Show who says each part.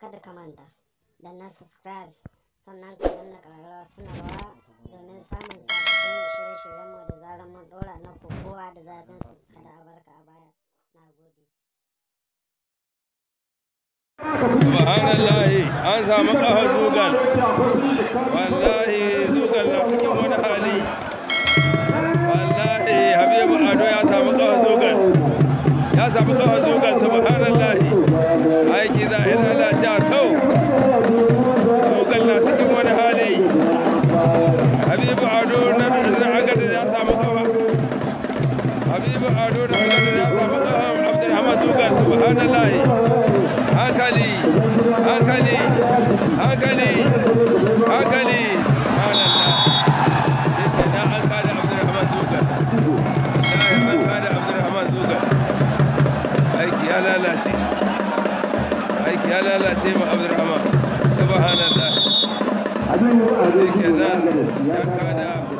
Speaker 1: kada ka manta da na subscribe sannan ka danna ƙararrawa sanarwa domin samun sababbin shirye-shiryenmu da zarar mun ɗora na kowa da zafin su kada a barka a baya na gode
Speaker 2: subhanallahi an samu
Speaker 3: zugal wallahi zugal na
Speaker 2: cikin wani hali wallahi habibu ado ya samu zugal ya samu zugal aiki za a lalata kau tugal na cikin wani hali habibu ado na agada ya samu kawa habibu ado na agada ya samu kawa abdulhamad tugal subhanallah hankali hankali
Speaker 4: hankali hankali lalace aiki ya lalace ma abdurrahman subhanallah yake